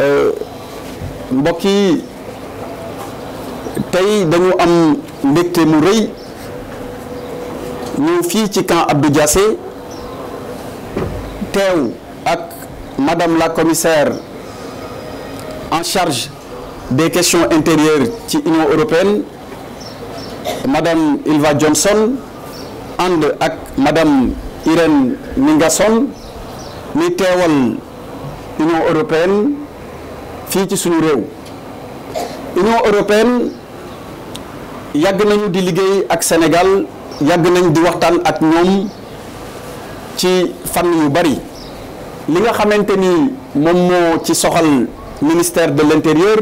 Euh, mbokk yi tey dañu am mbégte mu rëy ñëw fii ci kan Abdou Diassé teew ak madame la commissaire en charge des question intérieures ci Union européenne madame Ylva Johnson ànd ak madame Irène Mingasson mi teewal Union européenne fii ci suñu réew Union européenne yàgg nañu di liggéey ak Sénégal yàgg nañ di waxtaan ak ñoom ci fan yu bari li nga xamante ni moom moo ci soxal ministère de l'intérieur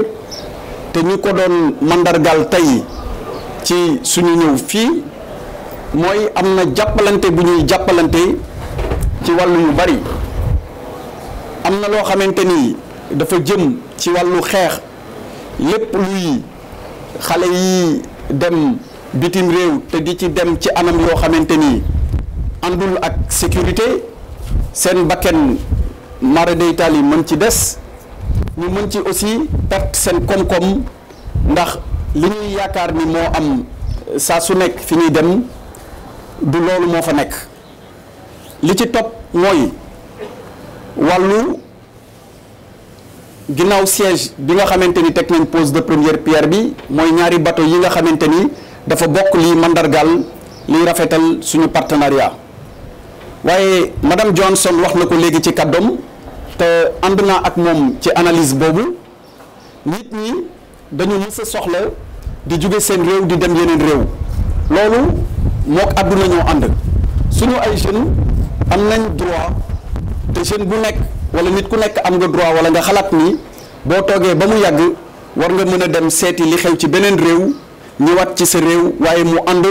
te ñu ko doon mandargal tey ci suñu ñëw fii mooy am na jàppalante bu ñuy jàppalante ci wàllu yu bari am na loo xamante ni dafa jëm ci wàllu xeex lépp luy xale yi dem bitim réew te di ci dem ci anam loo xamante ni àndul ak sécurité seen bakken mara deytaal yi mën ci des ñu mën ci aussi perte seen koom-koom ndax li ñuy yaakaar ni moo am saa su nekk fi ñuy dem du loolu moo fa nekk li ci topp mooy wàllu ginnaaw siège bi nga xamante ni teg nañ pose de première pierre bi mooy ñaari bateau yi nga xamante ni dafa bokk liy mandargaal liy rafetal suñu partenariat waaye madame Johnson wax na ko léegi ci kàddoom te ànd naa ak moom ci analyse boobu nit ñi dañu mës soxla di jóge seen réew di dem yeneen réew loolu mook àdduna ñoo ànd suñu ay jeunes am nañ droit te jeune bu nekk wala nit ku nekk am nga droit wala nga xalaat ni boo toogee ba mu yàgg war nga mën a dem seeti li xew ci beneen réew wat ci sa réew waaye mu ànd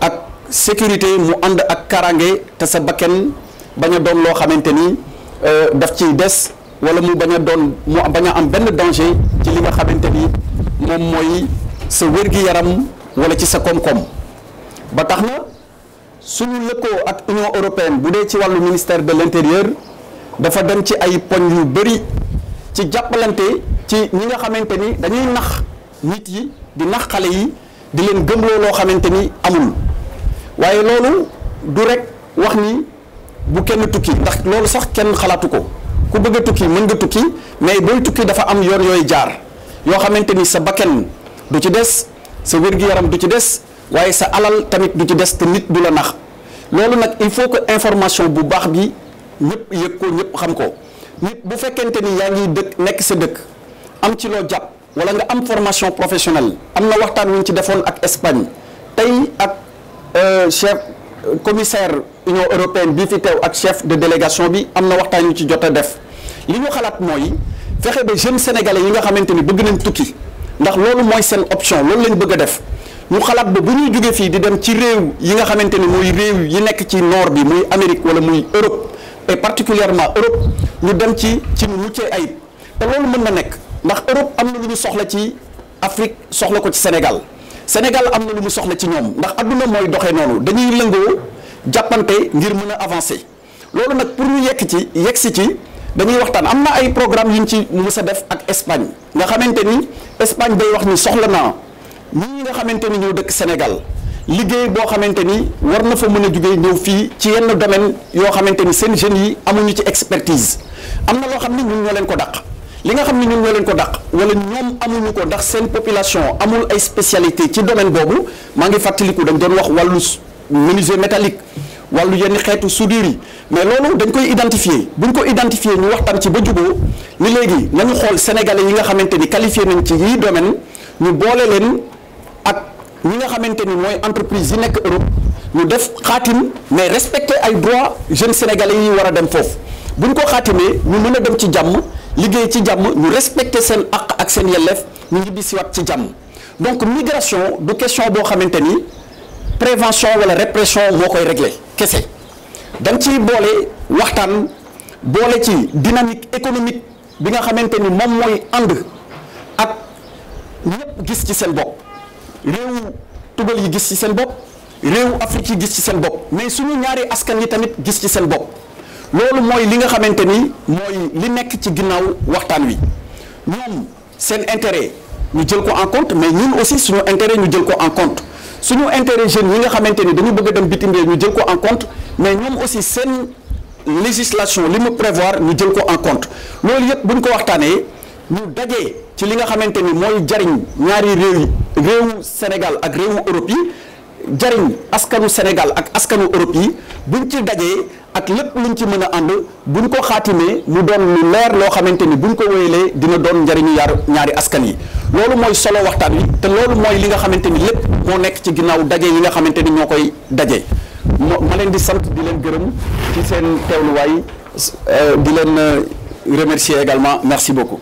ak sécurité mu ànd ak karange te sa bakken bañ a doon loo xamante ni euh, daf ciy des wala mu bañ a doon mu bañ a am benn danger ci li nga moom mooy sa wér-gi-yaram wala ci sa koom-koom. ba tax na suñu lëkkoo ak union européenne bu dee ci wàllu ministère de l'intérieur dafa dem ci ay poñ yu bëri ci jàppalante ci ñi nga xamante ni dañuy nax nit yi di nax xale yi di leen gëmloo loo xamante ni amul waaye loolu du rek wax ni bu kenn tukki ndax loolu sax kenn xalaatu ko ku bëgg a tukki mën nga tukki mais booy tukki dafa am yoon yooyu jaar yoo xamante ni sa bakken du ci des sa wér-gi-yaram du ci des waaye sa alal tamit du ci des te nit du la nax loolu nag il faut que information bu baax bi ñëpp yëg ko ñëpp xam ko nit bu fekkente ni yaa ngiy dëkk nekk sa dëkk am ci loo jàpp wala nga am formation professionnelle am na waxtaan wu ñu ci defoon ak Espagne tey ak euh, chef commissaire Union européenne bi fi teew ak chef de délégation bi am na waxtaan yu ci jot a def li ñu xalaat mooy fexe ba jeunes sénégale yi nga xamante ni bëgg nañ tukki ndax loolu mooy seen option loolu lañ bëgg a def. ñu xalaat ba bu ñuy jógee fii di dem ci réew yi nga xamante ni muy réew yi nekk ci noor bi muy Amérique wala muy Europe et particulièrement Europe ñu dem ci ci mu muccee ay te loolu mën na nekk ndax Europe am na lu ñu soxla ci Afrique soxla ko ci Sénégal Sénégal am na lu mu soxla ci ñoom ndax adduna mooy doxee noonu dañuy lëngoo jàppante ngir mën a avancé loolu nag pour ñu yekk ci yegg si ci dañuy waxtaan am na ay programme yu ñu ci mës a def ak Espagne nga xamante ni Espagne day wax ni soxla naa. ñii nga xamante ni ñoo dëkk Sénégal liggéey boo xamante ni war na fa mën a jugee ñëw fii ci yenn domaine yoo xamante ni seen jeunes yi amuñu ci expertise am na loo xam ni ñun ñoo leen ko dàq li nga xam ni ñun ñoo leen ko dàq wala ñoom amuñu ko ndax seen population amul ay spécialité ci domaine boobu maa ngi fàttaliku dañ doon wax wàllu menuisier métallique wàllu yenn xeetu soudure yi mais loolu dañ koy identifier buñ ko identifie ñu tam ci ba juboo ni léegi nañu xool sénégalais yi nga xamante ni qualifié nañ ci yii domaine ñu boole leen. ñi nga xamante ni mooy entreprise yi nekk Europe ñu def xaatim mais respecter ay droits jeune sénégalais yi war a dem foofu bu ñu ko xaatimee ñu mën a dem ci jàmm liggéey ci jàmm ñu respecter seen àq ak seen yelleef ñu ñibbisiwaat ci jàmm donc migration du question boo xamante ni prévention wala répression moo koy régler kese dañ ci boole waxtaan boole ci dynamique économique bi nga xamante ni moom mooy ànd ak ñëpp gis ci seen bopp. réewu tugal yi gis ci seen bopp réewu Afrique yi gis ci seen bopp mais suñu ñaari askan yi tamit gis ci seen bopp loolu mooy li nga xamante ni mooy li nekk ci ginnaaw waxtaan wi ñoom seen intérêt ñu jël ko en compte mais ñun aussi suñu intérêt ñu jël ko en compte suñu intérêt yi nga xamante ni dañu bëgg dem bitim réew ñu jël ko en mais ñoom aussi seen législation li mu prévoir ñu jël ko en compte loolu yëpp bu ñu ko waxtaanee ñu dajee ci li nga xamante ni mooy jariñ ñaari réew yi. réewu Sénégal ak réewu Europe yi jariñ askanu Sénégal ak askanu Europe yi buñ ci dajee ak lépp luñ ci mën a ànd buñ ko xaatimee mu doon lu leer loo xamante ni buñ ko wéyalee dina doon njariñu yaar ñaari askan yi loolu mooy solo waxtaan wi te loolu mooy li nga xamante ni lépp moo nekk ci ginnaaw daje yi nga xamante ni ñoo koy daje ma leen di sant di leen gërëm ci seen teewluwaay euh, di leen euh, remercier également merci beaucoup